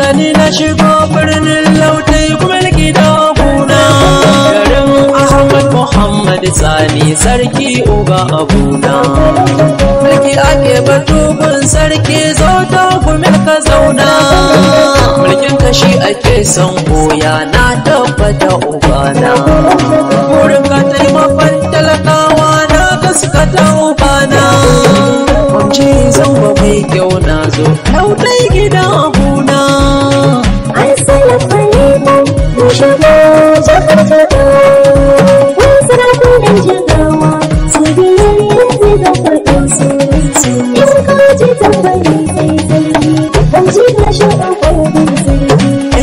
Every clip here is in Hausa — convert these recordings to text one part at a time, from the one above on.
gani na shigo birnin lautai mulki da kuna garin ahmad muhammad sani sarki uba abuna mulki ake batubun sarki zauta gumil ka zauna mulkin kashi ake son koya na tabbata ubana wurin ka taimakon talakawa na ka suka ta ubana kwamce zan ba mai kyau na zo lautai gida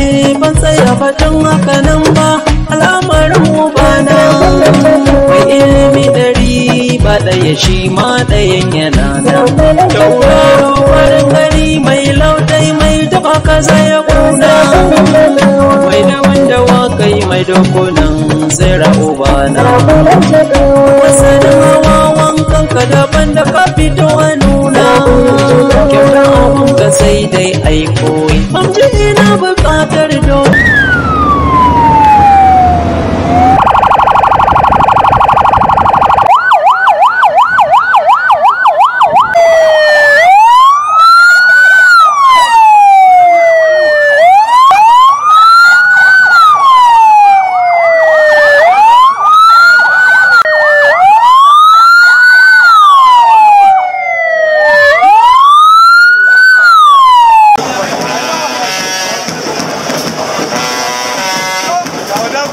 Eh ban tsaya haka nan ba ilimi ba ɗaya shi ma ɗayan yana nan tauraro farin gari mai lautai mai kaza ya mai da wakai mai dokunan tsira ubana wasanin hawa wankan ka daban da ka fito hannu ラブ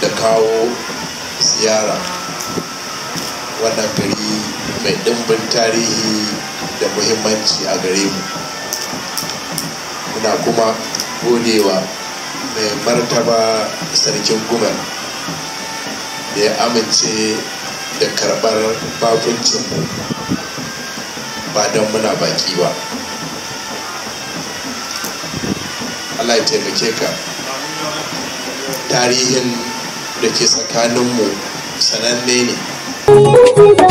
da kawo ziyara wannan gari mai ɗimbin tarihi da muhimmanci a gare mu muna kuma godewa mai martaba sarkin gumar da ya amince da karɓar bakuncinmu ba don muna baki ba allah ya taimake ka tarihin da ke tsakaninmu sananne ne eh, da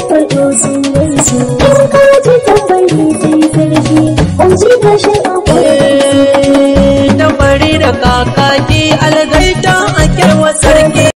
kakaki algaita a